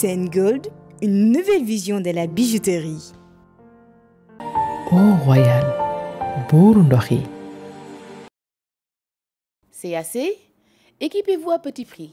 Sengold, Gold, une nouvelle vision de la bijouterie. Oh royal, C'est assez Équipez-vous à petit prix.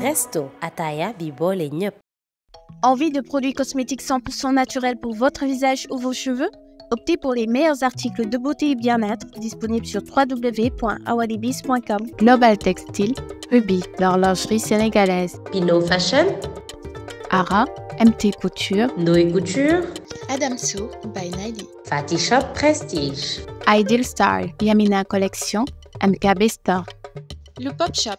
Resto, Ataya, Bibol et Envie de produits cosmétiques 100% naturels pour votre visage ou vos cheveux Optez pour les meilleurs articles de beauté et bien-être disponibles sur www.awadibis.com. Global Textile, Ruby, l'horlogerie sénégalaise. Pino Fashion, Ara, MT Couture, Noé Couture, Adamso by Nali, Fatty Prestige, Ideal Star, Yamina Collection, MKB Store. Le Pop Shop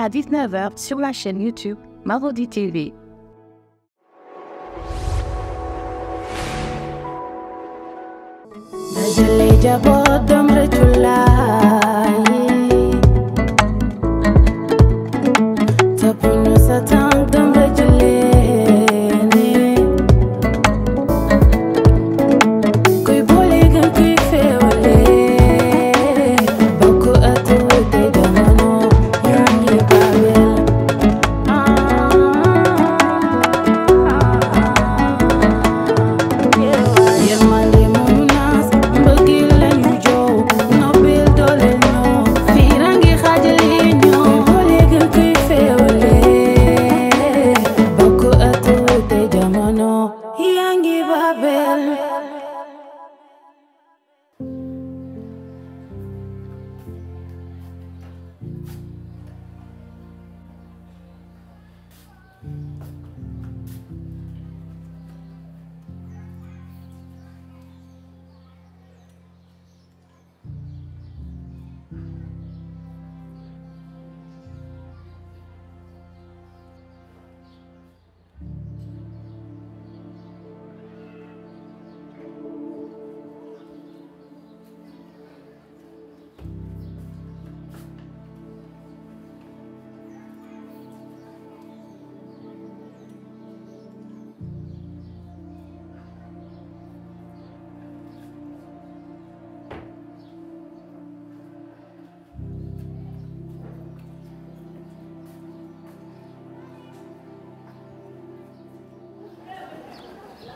à 19h sur la chaîne YouTube Marodi TV.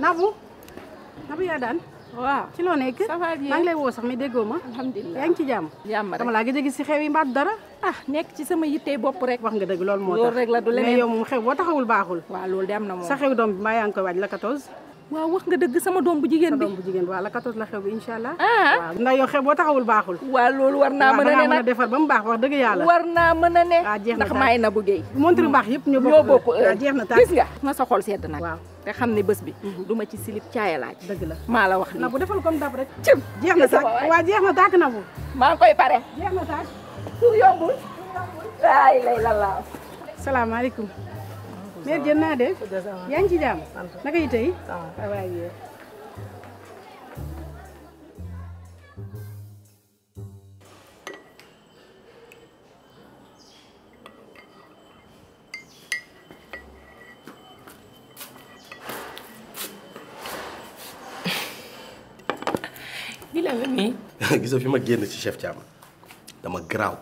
Nabou Nabou yaa daan waaw ci loo nekk maa ngi lay woo sax mais déggoo ma alhamdulilah yaa ci jàmm jàmm rek dama laa gëj a gis si xew yi mbaat dara ah nekk ci sama tey bopp rek wax nga dëgg loolu moo tax loolu rek la du leneen mais yow moom xew boo taxawul baaxul waaw loolu de am na moom sa xew doom bi mbaa yaa koy waaj la 14 waaw wax nga dëgg sama doom bu jigéen bi sama jigéen bi waaw la 14 la xew bi incha allah. Ah. waaw ndax yow xew boo taxawul baaxul. waa loolu war naa mën a ne ba mu baax wax dëgg yàlla. war naa mën a ne. waaw ah, jeex na ndax maay na bu géey. montre baax yëpp ñoo bokk. ñoo ah, ko jeex na taal gis nga. nga sa xol sedd nag. xam ne bés bi. Mhm. du ma ci silib caayalaaj. dëgg la maa la wax nii. na bu defal comme dab rek. cim jeex na sax waaw jeex na tàkk na bu. maa ngi koy pare. jeex na tàkk. su yombul. waay lay la laaw. salaamaaleykum. mère Diène naa def yaa ngi ci jàmm naka yi tey waaye gis fi ma génn ci chef Thiam dama garaaw.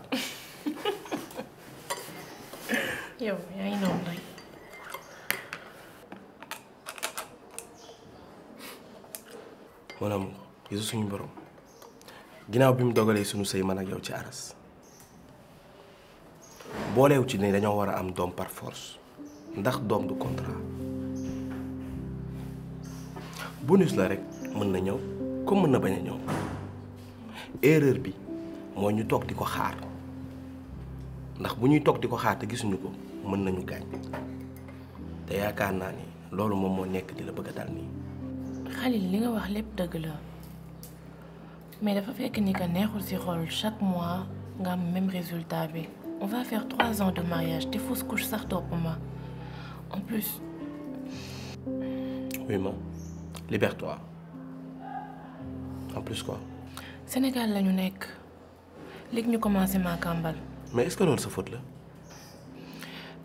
mon yesu suñu borom ginaaw bi mu dogalee suñu sëy man ak yow ci aras booleew ci ne dañoo wara am dom par force ndax dom du contrat bonus la rek mën na ñëw comme mën na ñëw erreur bi ñu di ko xaar ndax bu ñuy di ko xaar te gisuñu ko mën nañu gaañ te yaakaar naa ni loolu moom moo nekk di la bëgg dal nii Khalil li nga wax lépp dëgg la mais dafa fekk ni que neexul ci xol chaque mois nga le même résultat bi on va faire trois ans de mariage que fausse couche sax pour moi. en plus. oui ma libère-toi en plus quoi. Sénégal la ñu nekk nous ñu commencé maa kàmbal. mais est-ce que loolu sa faute là?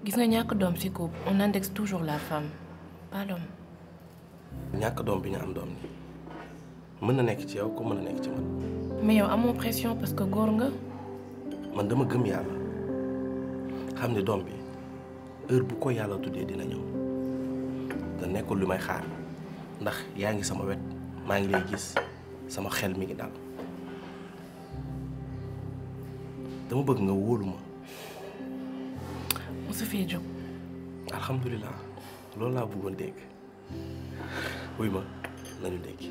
gis nga ñàkk doom ci coupe, on indexe toujours la femme pas l'homme. ñàkk doom bi ñu am doom ni mën na nekk ci yow ko mën na nekk ci man. mais yow amoo pression parce que góor nga. man dama gëm yàlla xam ne doom bi heure bu ko yàlla tuddee dina ñëw te nekkul lu may xaar ndax yaa ngi sama wet maa ngi lay gis sama xel mi ngi dal dama bëgg nga wóolu ma. mosu fee jóg. loolu laa bëggoon dégg. wuy ma nañu ndékki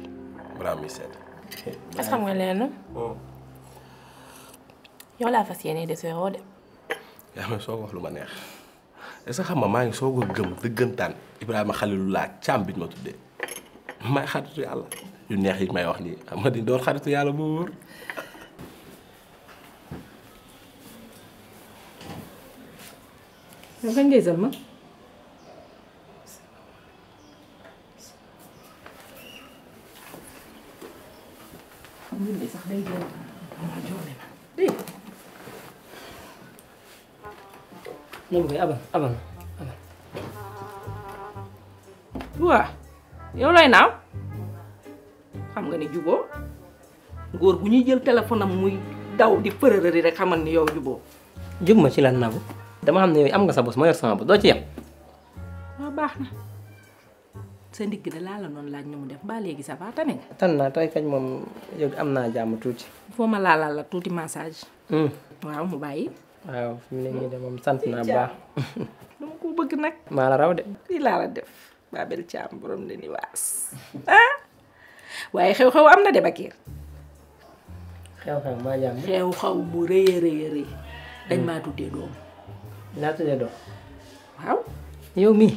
balaa muy sedd. est xam nga leen. Hmm. yow laa fas yéene de soo de. yaa ngi soog wax lu ma neex est xam nga maa ngi soog a gëm dëggantaan Ibrahima Xalilullah càmm biñ ma tuddee may xaritu yàlla yu neex yi may wax nii xam di doon xaritu yàlla bu wóor. nga ngay ma. ñun de sax day jël dama ma dégg moom koy abal abal abal waa yow lay naaw xam nga ne juboo góor am muy daw di fërërëri rek xamal ni yow juboo jub ma ci lan nabu dama xam am nga sa ma yor sama bos doo ci yem waaw sa ndig da laa la noonu laaj ñu mu def ba légui sa va tane nga. tan na tay kañ mom yow am naa jàmm tuuti. fo ma laalal la tuuti massage. hmm waaw mu bayyi waaw fi mu ne nii de moom sant na ba dum ko bëgg nak ma la raw de. lii la la def ba bel cham borom de ni waas ah waye xew-xew am na de Bakir. xew-xew ma jamm xew-xew bu reey reey reey dañ ma hmm. tuuté doom. la tuuté doom. waaw yow mi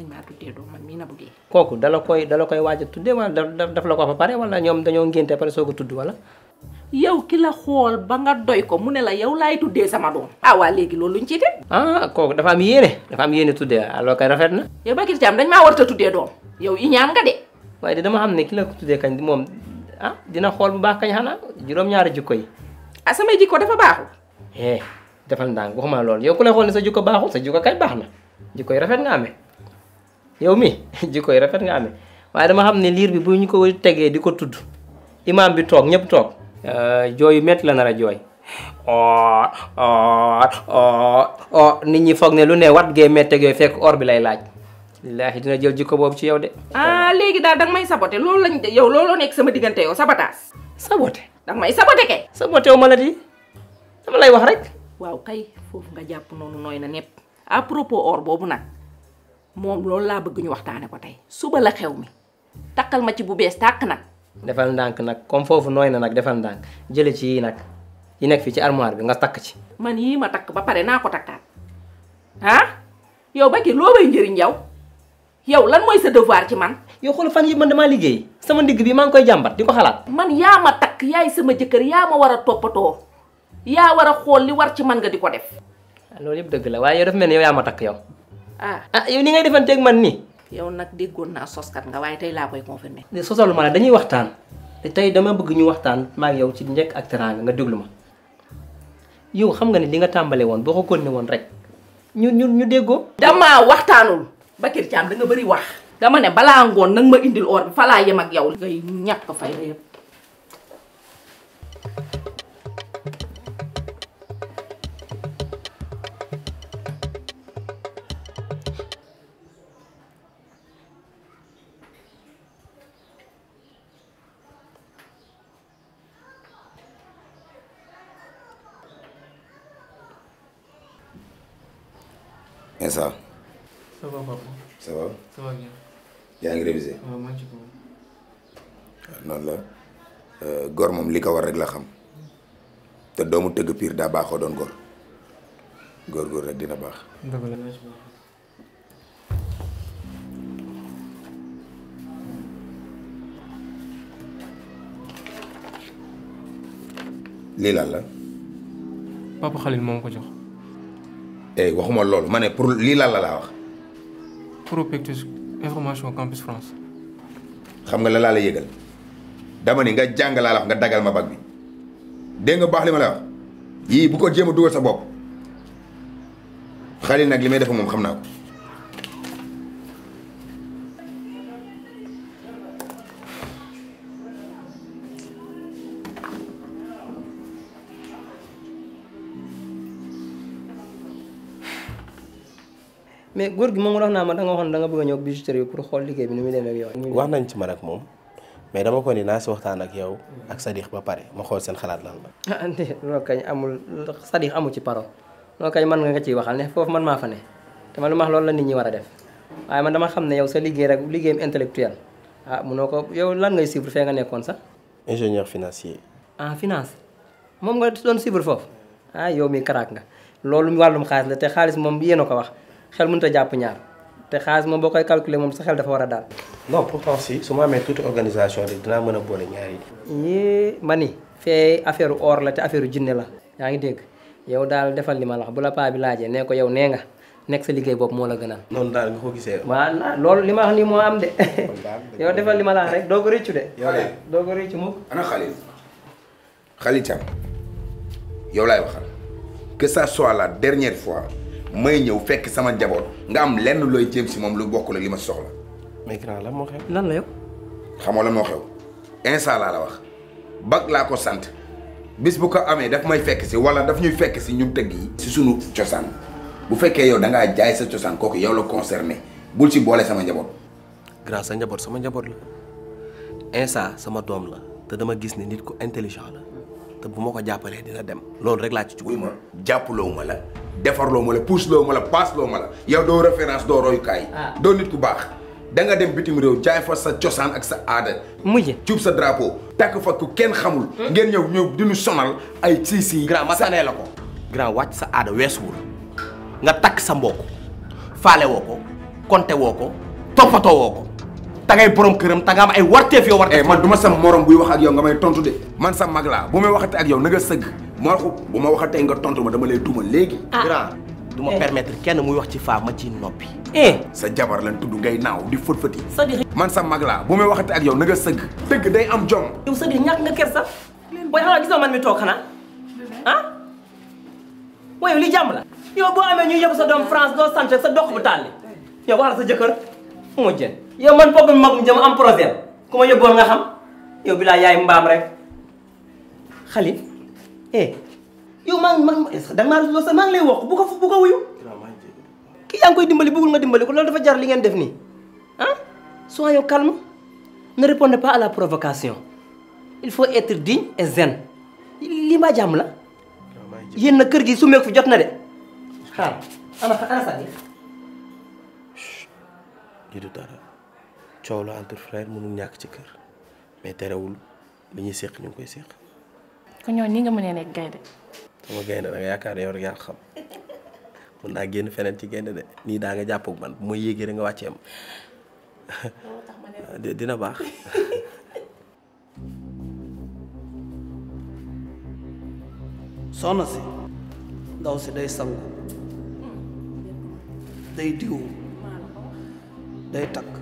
dañ maa tuddee doom man mii na bu dee kooku dala koy dala koy waaj a wala daf daf la ko fa pare wala ñoom dañoo ngénte pare soog a wala yow ki la xool ba nga doy ko mu ne la yow laay tuddee sama doom ah waa léegi loolu luñ ciy ah kooku dafa am yéene dafa am yéene tuddee alors kay rafet na yow bakir ci am dañ maa warta tuddee doom yow i ñaan nga de waaye de dama xam ne ki la ko kañ moom ah dina xool bu baax kañ xanaa juróom-ñaari jikko yi ah samay jikko dafa baaxul eh defal ndànk waxuma loolu yow ku la xool ne sa jikko baaxul sa jikko kay baax jikko yi rafet nga amee yow mi jikko yi rafet nga amé waaye dama xamné lire bi buñ ko tegee di ko tudd imaam bi tok ñëpp toog euh, jooyu met la nar joy oh oh oh oh nit ñi foog ne lu né wat gee metté yooyu fekk or bi lay laaj laahi dina jël jikko bobu ci yow de ah légui daal dang may saboté loolu lañ yow looloo nek sama diggante yow sabotage saboté dang may saboté kay saboté wala di dama lay wax rek waaw kay fofu nga japp nonu noy na nepp a propos or bobu nak mom loolu la bëgg ñu waxtaane ko tay suba la xew mi takal ma ci bu bes tak nak defal ndank nak comme fofu noy na nak defal ndank jël ci yi nak yi nekk fi ci armoire bi nga tak ci man yi ma tak ba paré naa ko takkaat yow ba ki bay njëriñ yow yow lan moy sa devoir ci man yow xol fan yi man dama liggéey sama ndig bi maa ngi koy jàmbat di xalat man ya ma tak yaay sama jëkër ya ma war topato ya wara xol li war ci man nga diko def loolu yeb deug la waye yow dafa melni yow ya ma tak yow ah ah yow ni ngay defanteeg man nii. yow nag déggoon naa soskat nga waaye tey laa koy confirmer. ne sosalu ma la dañuy waxtaan te tey dama bëgg ñu waxtaan maa ngi yow ci njëkk ak teraanga nga déglu ma yow xam nga ne li nga tàmbale woon boo ko kon woon rek ñu ñu ñu déggoo. damaa waxtaanul Bakir Thiam da nga bëri wax. dama ne balaa ngoon nag ma indil or bi fa ak yow. ngay ko fay yëpp. Insa. ça va papa. la euh, gor moom li ko war rek la xam te doomu tëgg piir daa baaxoo doon gor góor-góor rek dina baax. dëgg lii lan la. papa Khalil moom ko jox. eh waxuma loolu ma ne pour lii lan la laa wax. prospectus information campus France. xam nga la laa la yëgal dama ni nga jàng laa wax nga dagal ma bag bi dégg nga baax li ma la wax yii bu ko jéem a sa bopp xale nag li may defam moom xam naa ko. mais góor gi ngi wax na ma da nga waxon da nga bëgg a ñëw bijouterie pour xol liggéey bi ni mi demee ak yow. wax nañ ci man ak mom mais dama ko ni na ci waxtaan ak yow ak sadiq ba paré ma xol seen xalaat lan la. ande ah, déedéet kañ amul sadiq amu ci paro loolu kañ man nga ci waxal ne fofu man ma fa ne te man lu ma wax loolu la nit ñi wara def waye man dama xam ne yow sa liggéey rek liggéeyam intellectuel ah munoo ko yow lan ngay suivre fe nga nekkon sax. ingénieur financier. en ah, finance mom nga doon suivre fofu ah yow mi karak nga loolu walum xaalis la te xaalis mom bi a wax xel mënut a ñaar te xaas mo bokay calculer mom sa xel dafa wara dal non pourtant si suma mais toute organisation de dina mëna bolé ñaar yi. ñii mani fé affaire or la te affaire jinné la yaa ngi dégg yow dal defal li ma la wax bu la pa bi laajee né ko yow né nga nek sa liggéey bop mo la gënal. non dal nga ko gisé waaw lool li ma wax ni mo am dé yow defal li ma la rek doo ko rëccu de. yow de doo ko rëccu mukk. ana khalil xalitam yow lay waxal que ça soit la dernière fois. may ñëw fekk sama njaboot nga am lenn looy jéem si moom lu bokk la li ma soxla. mais grand lan moo xew. lan la yow. xamoo lan la wax bag laa ko sant bis bu ko amee daf may fekk si wala daf ñuy fekk si ñun tëgg yi. si sunu cosaan bu fekkee yow da ngaa jaay sa cosaan kooku yow la concerné bul si boole sama njaboot. grand sa njaboot sama njaboot la instant sama doom la te dama gis ne nit ku intelligent la. te bu ma ko jàppalee dina dem loolu rek laa ci jug. ma jàppaloo ma la defarloo ma la puusloo ma la paasloo ma la yow doo référence doo royukaay. Ah. doo nit ku baax. da nga dem bitim réew jaay fa sa cosaan ak sa aada. mujj cuub sa drapo takk fa ku kenn xamul. Hmm? ngeen ñëw ñëw di somal sonal ay sii sii. grand ma la ko. grand wàcc sa aada weesuwul nga takk sa mbokk faale woo ko konte woo ko toppatoo woo ko. dangay borom këram danga am ay warteef yoo warteef. Eh, man du ma sam morom buy wax ak yow nga may tontu de man sa mag laa bu may waxatee ak yow na nga sëgg moo xub bu ma waxatee nga tontu ma dama lay tuuma léegi. Ah. grand du ma eh. permettre kenn muy wax ci faa ci noppi. Eh. sa jabar lan tudd ngay naaw di fëtfëti. man sa mag laa bu may waxatee ak yow na nga sëgg. dëgg day am jom. yow Sadikh ñàkk nga kersa booy xanaa gisoo man mi toog ah? li jàmm la. yow boo amee ñu yóbbu sa doom France doo sant sa dox bu tàlli yow waxal sa jëkkër moo jën yow man foog magum jëm am projet kuma ma nga xam yow bila yaay mbam rek xali eh yow man man da nga eh, lo sa mang lay wax bu ko bu ko wuyu ki yang koy dimbali bëggul nga dimbali ko loolu dafa jar li ngeen def nii ah soyons calme ne répondez pas à la provocation il faut être digne et zen li ma jam la yeen na kër gi su meek fu jot na de xaar ana ana sa di dara coow la entre frère mënul ñàkk ci kër mais terewul li ñuy séq ñu koy séq. kon ñooñu ni nga mënee nekk gaynde. sama gaynde da yaakaar yow rek yaa xam mun naa génn feneen ci gaynde de nii daa nga jàpp ak man bu ma yéegee rek nga wàcceem dina baax. soxna si ndaw si day sangu hmm. day diw day takk.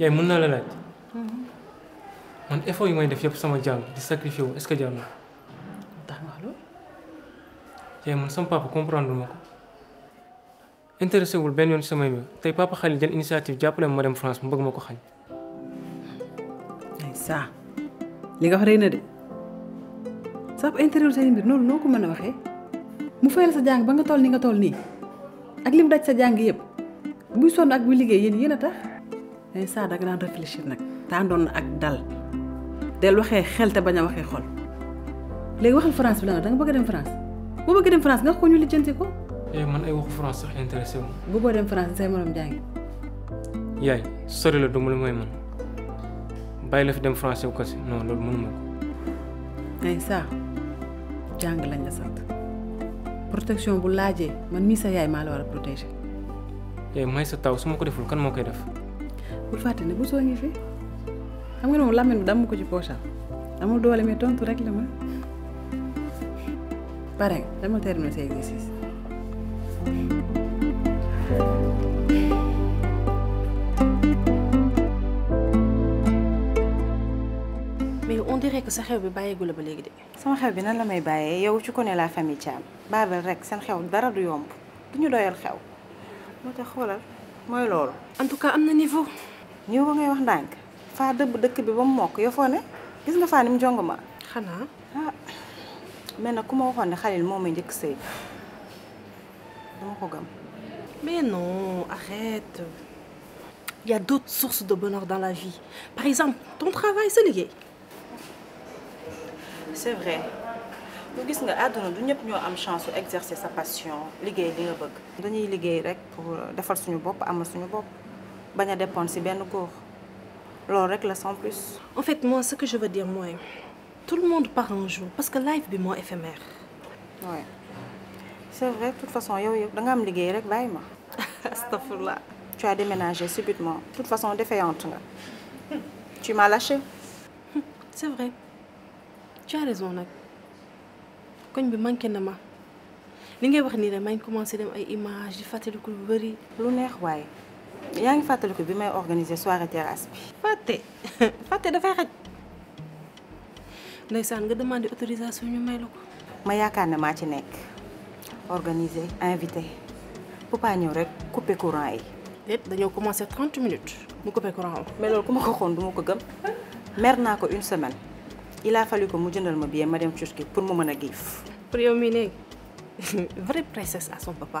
yaay mën naa la laaj man mm-hmm. effort yi may def yëpp sama jàng di sacrifié wu est ce que jàng na tax nga loolu yaay man sama papa comprendre ma ko intéressé wul benn yoon ci samay mbir tey papa xale jël initiative jàppale ma dem France mu bëgg ma ko xañ saa li nga wax rëy na de saa bu intérêt wul say mbir noonu noo ko mën a waxee mu fayal sa jàng ba nga toll ni nga toll nii ak lim daj sa jàng yëpp buy sonn ak buy liggéey yéen yéen a tax mais ça da nga daan réfléchir nag te àndoon na ak dal del waxee xel te bañ a waxee xol léegi waxal France bi la nga da nga bëgg dem France bu bëgg dem France nga ko ñu lijjanti ko. Eh, man ay waxu France sax intéressé wu. bu boo dem France say morom jàngi. dem France yow kasi non loolu mënuma jàng lañ la sant protection bu laajee man mii sa yaay maa la war a protéger. yaay may sa taw su ma ko deful kan moo koy def. bul fàtte ne bu soo ngi fi xam nga ne moom làmmiñ bi damm ko ci poosam amul doole mais tontu rek la ma pare dama terminer say exercice mais on dirait que sa xew bi bàyyeegu la ba léegi de. sama xew bi nan la may bàyyee yow ci ko ne la famille Thiam baabal rek seen xew dara du yomb du ñu doyal xew moo tax xoolal mooy loolu. en tout cas am na niveau. niou ba ngay wax ndànk fa deub dëkk bi bam mok mokk yoo gis nga fa nim mu xana ma ah mais nag ku ma Khalil momay may sey sëy dama ko mais non arrête il y a d'autres sources de bonheur dans la vie par exemple ton travail c'est lié. c'est vrai lu gis nga aduna du ñep ñoo am chance su exercer sa passion liguey li nga bëgg dañuy liguey rek pour euh, defal suñu bop amal suñu bop bañ a dépendre de benn góor loolu rek la sans plus. en fait moi ce que je veux dire moi, tout le monde part un jour parce que life bi est éphémère. oui c'est vrai de toute façon yow yëpp da nga am liggéey rek tu as déménagé subitement de toute façon défaillante tu m'as lâché. c'est vrai tu as raison Je koñ bi manqué na ma li ngay wax nii rek maa commencé dem ay images di fàttaliku lu bëri. lu c'est vrai yaa ngi que bi may organiser soirée terrasse bi. fàtte fàtte dafay xaj. Tu nga demandé autorisation ñu may Je ko. ma yaakaar ci nekk organiser invité Papa ñëw rek couper courant yi. déet dañoo commencé 30 minutes mu couper courant mais loolu ku ma ko xoon du ma ko mer naa une semaine il a fallu que mu jëndal ma billet ma dem pour mu mën a pour yow mii vraie princesse à son papa.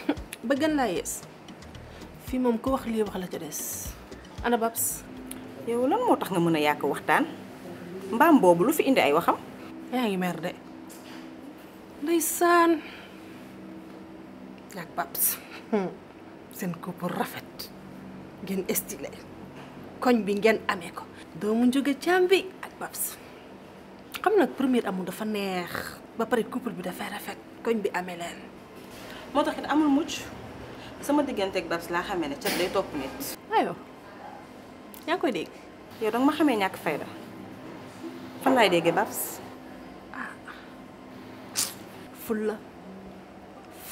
bëggan la yes fi mom ko wax li wax la ca dess ana Babs. yow lan mo tax nga ya yak waxtaan mbam bobu lu fi indi ay waxam. ya ngi mer de ndaysan yak Babs ko hmm. couple rafet gën estilé koñ bi gën amé ko. do mu càmm bi ak Babs xam nak premier amu dafa neex ba pare couple bi dafa rafet koñ bi amé moo tax amul mucc sama digganteeg Babs la xamee ne cat day topp nit. aywa yaa koy dégg. yow danga ma xamé ñak fayda fan lay déggee Babs. ah fulla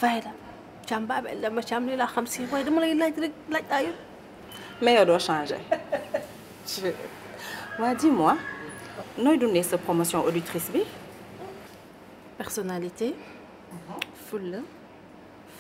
fayda chamba baabe dama càmm li laa xam si waaye dama lay laaj rek laaj aayu. mais yow doo changé. wa dis-moi noy donné sa promotion auditrice bi. personnalité. Mm-hmm. fulla.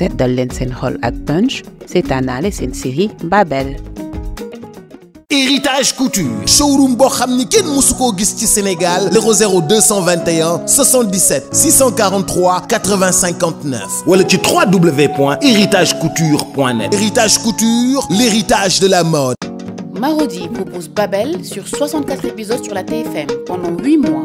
2017 dal punch Punch. Punch, ak punch C'est une série Babel héritage couture showroom Bochamniken Moussouko Augusti Sénégal 00221 221 77 643 859. Ou wala 3 héritage couture l'héritage de la mode Marodi propose Babel sur 64 épisodes sur la TFM pendant 8 mois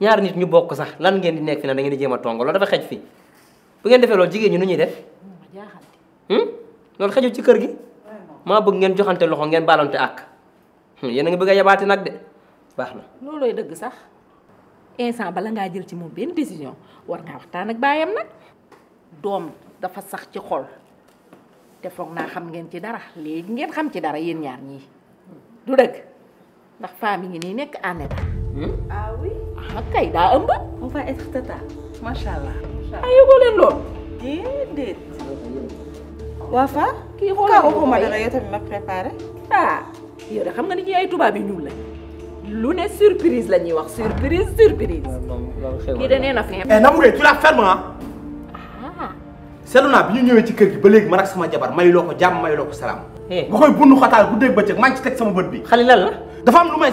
ñaar nit ñu bokk sax lan ngeen di nekk fi na da ngeen di jema tongo lo dafa xej fi bu ngeen defé loolu jigeen ñu nu ñuy def hmm? loolu xeju ci kër gi ma bëgg ngeen joxante loxo ngeen baalante ak hmm, yéen a ngi bëgg a de baxna loloy deug sax instant bala nga jël ci moom ben décision war nga waxtaan ak bayam nak dom dafa sax ci xol te fokk na xam ngeen ci dara léegi ngeen xam ci dara yeen ñaar ñi du deug ndax fami ngi ni nek en état hmm? ah oui hakai daa amba on oh, va eh, tetap, tata macha allah. ayugoo leen lool. déedéet. waa fa. kii xoolal ko waxuma dara yow ma préparé. ah yow de xam nga ni ñi ay tubaab yi lu ne surprise la ñuy wax surprise surprise. kii de nee fi. eh namun tu la fermes ah. ah. seetlu naa bi ñu ñëwee ci kër gi ba man ak sama jabar mayuloo loko jam mayuloo loko salam eh. nga koy bundu xataal guddeeg bëccëg maa ci sama bët bi. xale lan la. dafa am lu may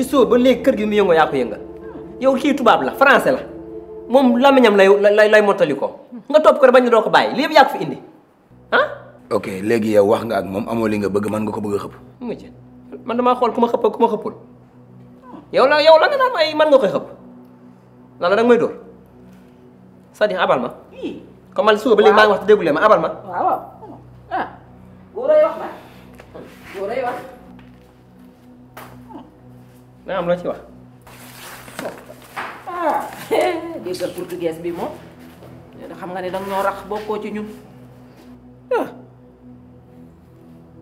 ci soo ba léegi kër gi mu yëngoo yaa ko yëngal yow kii tubaab la français la moom lamiñam lay lay lay mottali nga topp ko rek bañ la doo ko bàyyi li yëpp yaa ko fi indi ah. ok léegi yow wax nga ak moom amoo li nga bëgg man nga ko bëgg a xëpp. man damaa xool ku ma xëpp ku ma xëppul yow la yow la nga daan ay man nga koy xëpp lan la danga may door cest dire abal ma. comme man suba ba léegi maa ngi wax te déggulee ma abal ma. waaw waaw ah. góor wax ma góor wax. naa am loo ci wax. ah déggal portugais bi mo da xam nga ni danga ñoo rax bokkoo ci ñun ah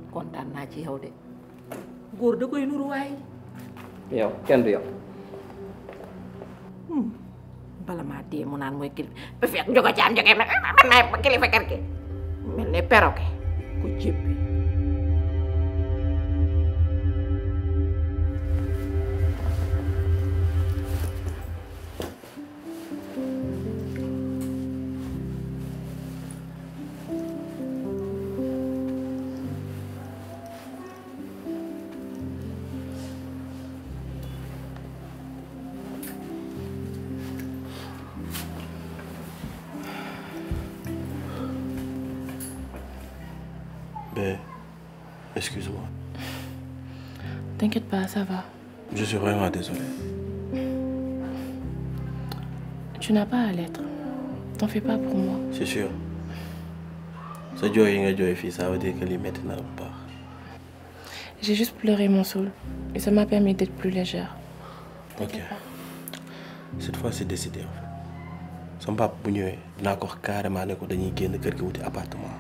kontaan naa ci yow de goor da koy nuru way yow kenn du yow. bala ma dé mu naan mooy kilifa ba fekk njogo caam njoge man naay kilifa kër gi mel ne perroquet ku jébbi. t'inquiète pas, ça va. Je suis vraiment désolé. Tu n'as pas à l'être. T'en fais pas pour moi. C'est sûr. Ce joy nga joy fille, ça veut dire que les maintenant pas. J'ai juste pleuré mon soul et ça m'a permis d'être plus légère. OK. Cette fois c'est décidé en fait. Sama papa bu ñëwé dina ko carrément né ko dañuy génn appartement.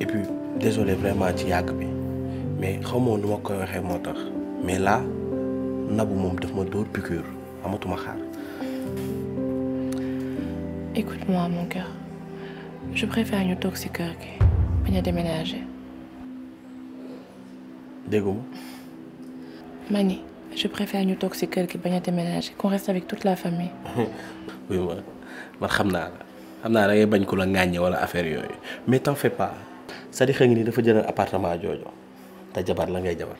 Et puis désolé vraiment tu mais ma mais là nabu moom daf ma je piqûre amatuma xaar. écoute-moi mon cœur je préfère ñu toog ci kër a déménager. Mani je préfère ñu toog ci kër déménager qu'on reste avec toute la famille. oui ma je sais que la xam naa da ngay bañ ko la ŋàññe wala affaire mais t'en fais pas C'est de ngi ni dafa appartement ta jabar la ngay jabar.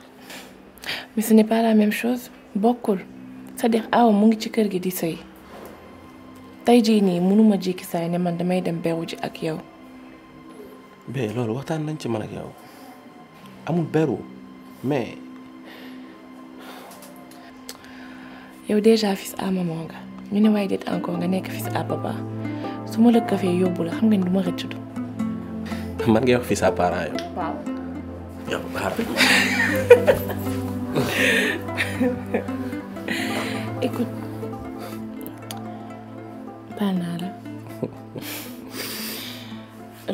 mais ce n'est pas la même chose bokkul c'est-à-dire aw mo ngi ci kër gi di sëy tay jii nii mënuma jékki saay ne man damay dem beewu ji ak yow. mais lolou waxtan nañ ci man ak yow amul beru mais. yow déjà fils à maman nga ñu ne way dit encore nga nek fils à papa suma le café kafee xam nga duma du man ngay wax fils à parents yow. waaw. Yo, what happened? Écoute, Banal. naa la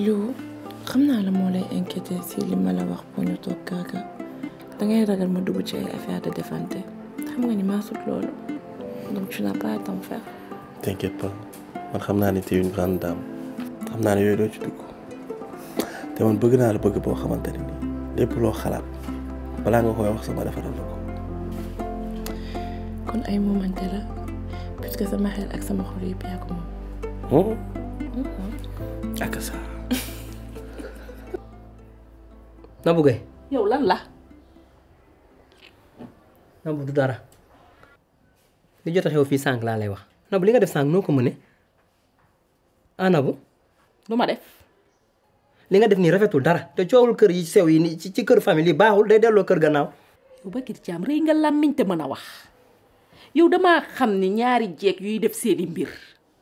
Lou xam la moo lay inquiété si li ma la wax pour ñu toog kaaga dangay ragal ma dugg ci affaire de défense xam nga ni maa sut loolu donc tu n'as pas à t'en faire. t'inquiète pas man xam naa ne t'es une grande dame xam naa ne yooyu doo ci dugg te man bëgg naa la bëgg boo xamante ne lépp loo xalaat balaa nga koy wax sama defaral la ko. la puisque hmm? Hmm. sa. Nabou yow lan la. Nabou du dara. li jot a xew fii sànq laa lay wax. Nabou li nga def sànq noo ko mënee. ah Nabou. lu ma def. li nga def ni rafetul dara te ciowul kër yi sew yi ni ci kër famille yi baaxul day delloo kër gannaaw. yow Bakir Thiam rëy nga làmmiñ te mën a wax yow dama xam ni ñaari jeeg yuy def seeni mbir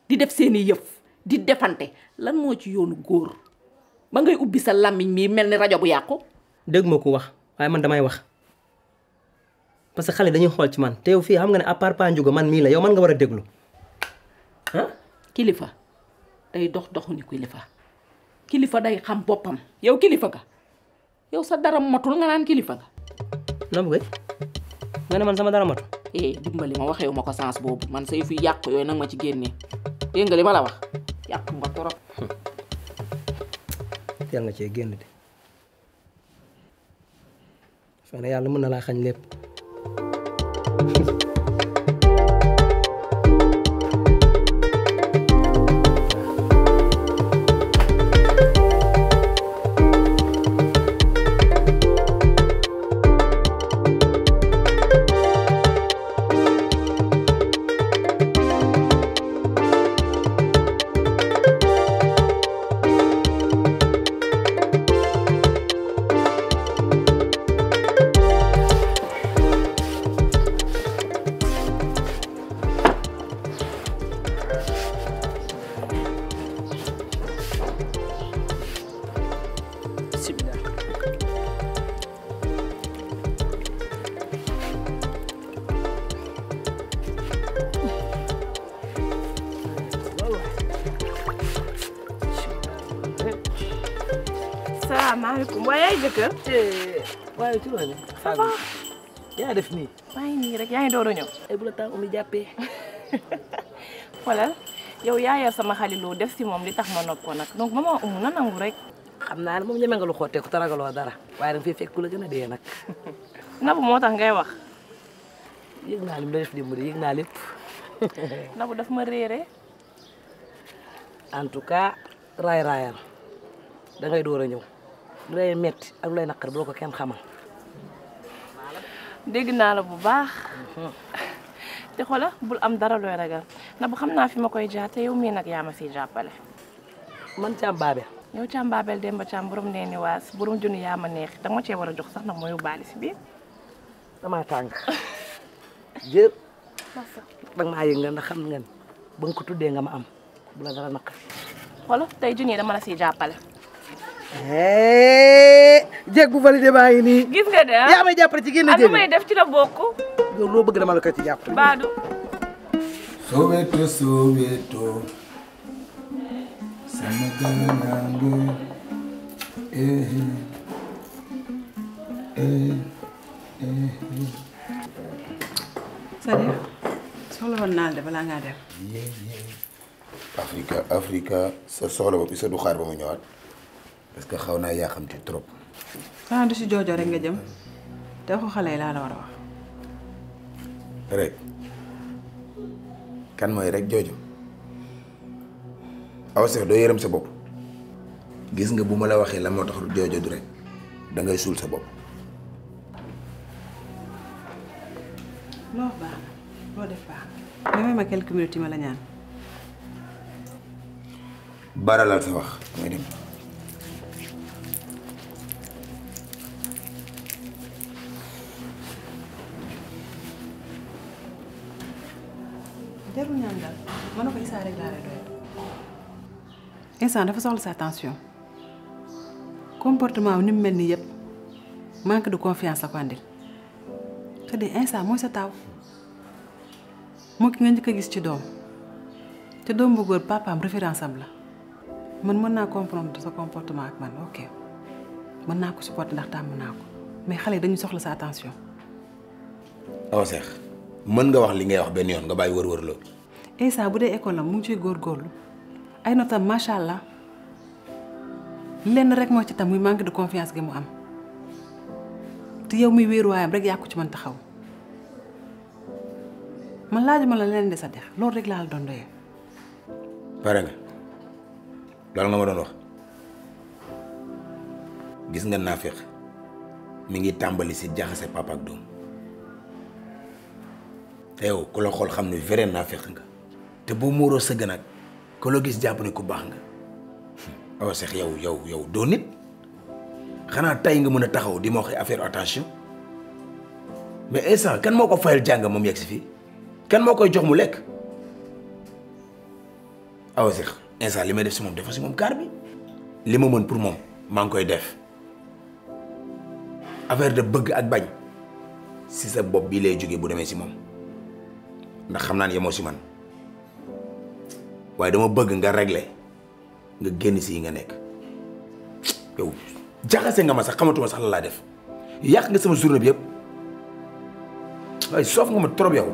di def seeni yëf di defante lan moo ci yoonu góor ba ngay ubbi sa mi mel ni rajo bu yàqu. dégg ma ko wax waaye man damay wax parce que xale dañuy xool ci man te yow fii xam nga ne à part Pa njugo man mii la yow man nga war a déglu ah. kilifa day dox doxu ni kilifa. kilifa day xam boppam yow kilifa nga yow sa dara matul nga naan kilifa nga. na bëgg nga ne man sama dara matul. eh dimbali ma waxewu ma ko sens boobu man sa yu fi yàq yooyu nag ma ci génne dégg nga li ma la wax yàq nga torop. teel hmm. nga cee génn de. fene yàlla mën na laa xañ lépp. ay bu la temps umi jàppee xoolal yow yaaya sama xaliloo def si moom li tax ma nopp ko nag donc maman umu na nangu rek xam naa ne moom ñeme nga lu xotteeku taragaloo dara waaye danga fay fekk ku la gën a dee nag nabu moo ngay wax yëg naa la def démb de yëg naa lépp nabu daf ma réere en tout cas raay raayal da ngay door a lay metti ak lay naqar bu ko kenn xamal deg na la bu baax te xola bul am dara loy ragal na bu xamna fi makoy koy yow mi nak yaa fi jappale man ci am Babel. yow am Babel Demba Thiam borom nee ni waas borom junni yaa ma neex dama cee war a jox sax na moyu balis bi biir. damaa tàng jër. ma maa yëngal xam ngeen ba ko tuddé nga ma am bu la dara nak xola tay junni dama la jappale jeggu valide validé baa ngi nii. gis nga da ya may jàppale ci génn ak may def ci la bokku do lo bëgg dama la ko ci jàppale. baadu. Soweto Soweto sama gàllankoor eh eh eh. Sadio soxla woon de balaa ngaa dem. Africa Africa sa soxla parce que xawna ya xam ci trop. ah du ci jojo rek nga jëm da ko xalé la la wara wax. rek kan moy rek jojo aw sax do yërëm sa bop gis nga buma la waxe la mo tax jojo du rek da ngay sul sa bop lo ba lo def ba même ma quelques minutes yi ma la ñaan. baralal sa wax may dem. affaire ñaan daal ma ne ko Issa rek laa lay doy. Issa dafa soxla sa comportement wu ni mu manque de confiance la ko andil te de Issa mooy sa taaw moo ki nga njëkk a gis ci doom te doom bu góor papaam référence am la man mën naa comprendre sa comportement ak man ok mën supporter mais mën nga wax li ngay wax benn yoon nga bàyyi wër-wër la. Eh, Issa bu dee école la mu ngi ciy góorgóorlu ay notam macha allah lenn rek moo ci tam muy manque de confiance gi mu am te yow muy wéeruwaayam rek yaa ci man taxaw man ma la leneen de sa dex loolu rek laa la doon doyee. pare nga loolu nga ma doon wax gis nga naafeq mi ngi tàmbali si jaxase papa ak doom. te yow ku la xool xam ne vrai naa fex nga te boo muuroo sëgg nag ku la gis jàpp ne ku baax nga awa seex yow yow yow doo nit xanaa tay nga mën a taxaw di ma wax affaire attention mais instant kan moo ko fayal jàng moom yegg si fii kan moo koy jox mu lekk awa seex instant li may def si moom dafa si moom kaar bi li ma mën pour moom maa ngi koy def affaire de bëgg ak bañ si sa bopp bi lay jógee bu demee si moom ndax xam naa ne yemoo si man waaye dama bëgg nga regle nga génn si yi nga nekk yow jaxase nga ma sax xamatuma sax la laa def yàq nga sama journée bi yëpp waaye soof nga ma trop yow.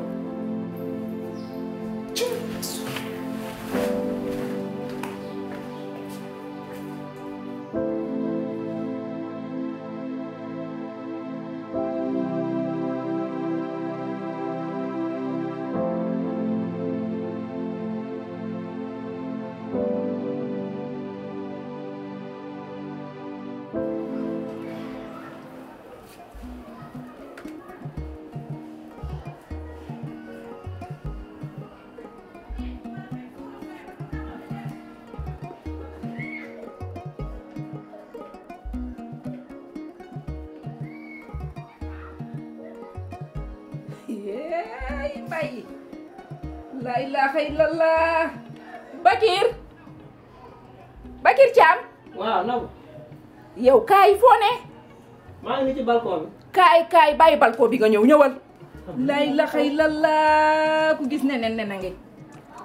gay baye bal ko bi nga ñew ñewal lay la xëy lan la ku gis ne ne nen a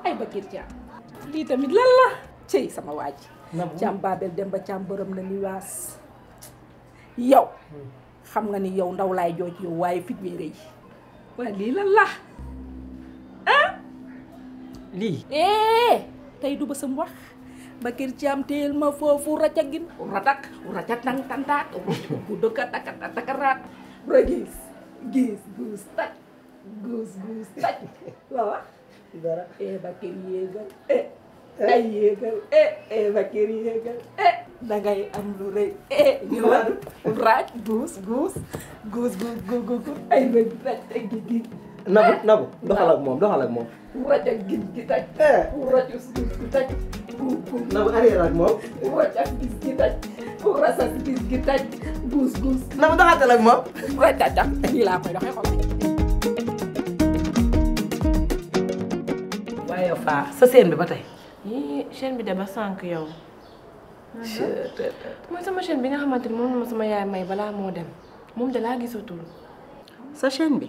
ay Bakir Thiam li tamit lan la cey sama waa ji Babel dem ba cham borom na ni was yow xam nga ni yow ndaw lay joj yow waaye fit bi reey wa li lan la ah li, eh tay du bësam wax Bakir Thiam teel ma fofu ratagin ratak ratat nang tantaat bu dëkka takat takaraat booy gis gis guus taj guus guus taj waaw. dara eh Bakir yéegal eh. ay yéegal eh eh Bakir yéegal eh. dangay am lu rëy eh ñëwal raaj guus guus guus guus guus guus ay rëy taj ay gis gis. nabu nabu doxal ak mom, doxal ak mom. wuraj ak gis gi taj wuraj nabu, gis gi taj nabu arrière ak moom nabu, ak gis gi taj wuraj ak gis gi taj guus guus nabu doxatal ak moom wuraj taj nii laa koy doxee xol waaye faa sa seen bi ba tey yii bi de ba sànq yow mooy sama chaîne bi nga sama yaay may dem de bi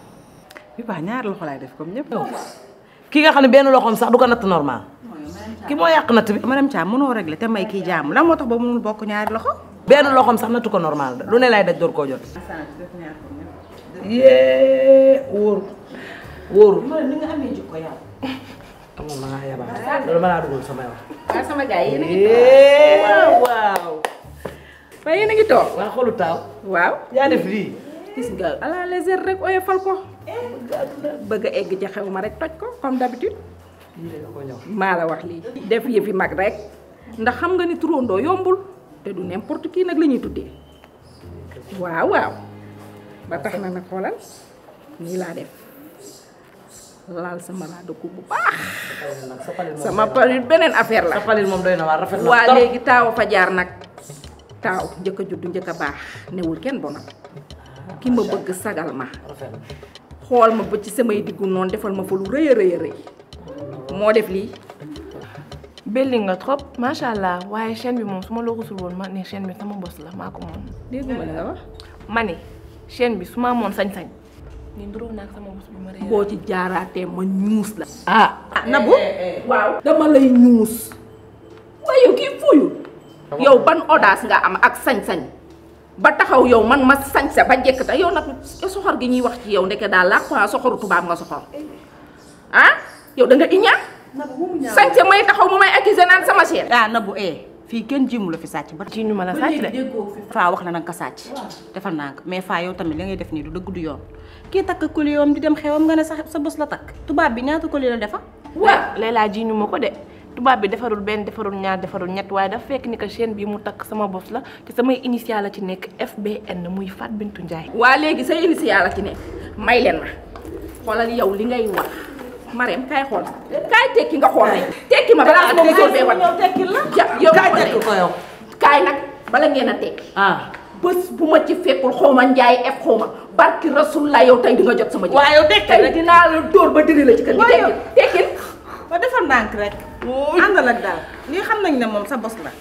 Pipa ñaari loxo laay def comme ñëpp. ki nga xam kan benn loxoom sax du ko natt normal. ki moo yàq natt bi. madame Thiam mënoo régler te may kii jaamu lan moo tax ba mënul bokk ñaari loxo. benn loxoom sax nattu ko normal lu ne lay daj door koo jot. yee wóoru wóoru. ya? nga amee jikko yow. amoon na ngaa yabaat loolu ma wow. dugal sama yow. waaw sama Wow. Ya a ngi toog waaw. waaye yéen a ngi toog. waaw xoolu rek oyofal oh, ya, ko bëgg egg ca xew rek toj ko comme d'habitude ma la wax li def yëfi mag rek ndax xam nga ni trondo yombul te du n'importe qui nak lañuy tuddé waaw waaw ba tax na nag xolal ni la def laal sama raadu ko bu baax sama palil benen affaire la wa legi taw fa jaar nak taw jëkë juddu jëkë baax newul kenn bonam ki ma bëgg sagal ma xol ma ba ci samay diggu non defal ma fa lu reey reey reey mo def li belli nga trop ma sha allah waye chaîne bi mom suma lo la won ma ne chaîne bi sama boss la mako ko deggu ma la wax. mané chaîne bi suma ma sañ-sañ. ni ndro nak sama boss bi ma reey bo ci jaaraté ma ñuus la. ah, ah Nabou. Eh, eh, eh. waw dama lay ñuus. wayu ki fuyu yow ban audace nga am ak sañ-sañ. ba taxaw yow man ma sañse ba jekk te yow nag soxor gi ñuy wax ci yow ndeke daal laa quoi soxoru tubaab nga soxor ah yow da nga iñaan sañse may taxaw mu may accusé naan sama chère ah Nabou eh fii kenn jiimu la fi sàcc ba jiiñu ma la sàcc de faa wax la nanga ko sàcc defal naa ko mais faa yow tamit li ngay def nii du dëgg du yoon ki takk collier am di dem xewam nga ne sa sa bés la takk tubaab bi ñaata collier la defa waaw léeg-léeg jiiñu ma ko de tubaab bi defarul benn defarul ñaar defarul ñett waaye dafa fekk ni que chaîne bi mu takk sama bos la te samay initial la ci nekk FBN muy Fat bintu Ndiaye. waa léegi say initial la ci nekk may leen ma xoolal yow li ngay wax Marème kaay xool kaay tekki nga xool tekki ma balaa nga ko bee wat tekki la yow kaay tekki yow. kaay nag bala ngeen a tekki. Ah. bés bu ma ci xaw ma njaay ef xaw ma barki rasul la yow tey di jot sama. waaw yow tekkil rek tey dinaa la ba diri la ci kër gi. tekkil tekkil ba defar ndànk rek. àndal ak daal lii xam nañ ne moom sa bos la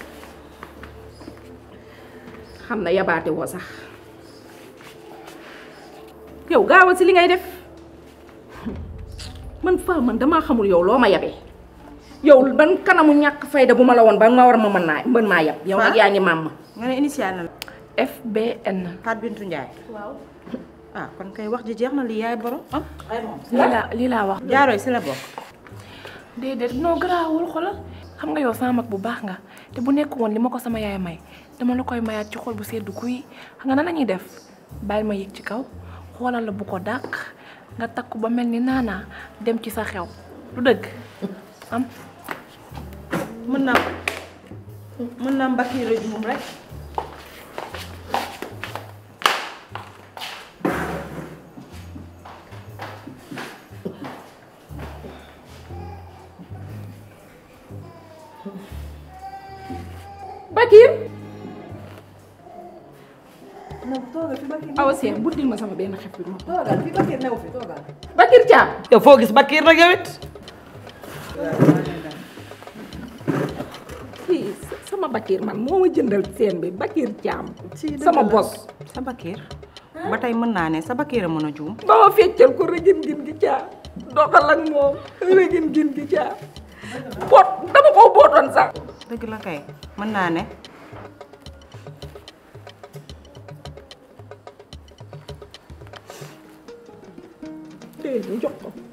xam na yabaate woo sax yow gaawal si li ngay def man faa man damaa xamul yow loo ma yabee yow ban kanamu ñàkk fayda bu ma la woon ba ma war ma mën naa mën maa yab yow nag yaa ngi nga ne initial na FBN Fatou Bintou Ndiaye waaw ah kon kay wax ji jeex na lii yaay borom ah, lii laa lii laa wax jaarooy si la bokk déedéet non garaawul xoolal xam nga yow sama mak bu baax nga te bu nekk woon li ma ko sama yaay may dama la koy mayaat ci xol bu seddu kuy xam nga na la ñuy def bàyyi ma ci kaw xoolal la bu ko dak nga takku ba mel ni dem ci sa xew am mën naa mën naa mbakki rek rek Bakir, awas ya, buddil sama Bakir Bakir Bakir sama Bakir man moo jëndal bi Bakir jam, sama bos. sa Bakir. batay mën ne sa Bakir a mën a feccal ko rëgin gin gi caa. doxal ak gin gi bột boot dama koo bootoon sax. dëgg la kay mën naa ne. tey đúng ko.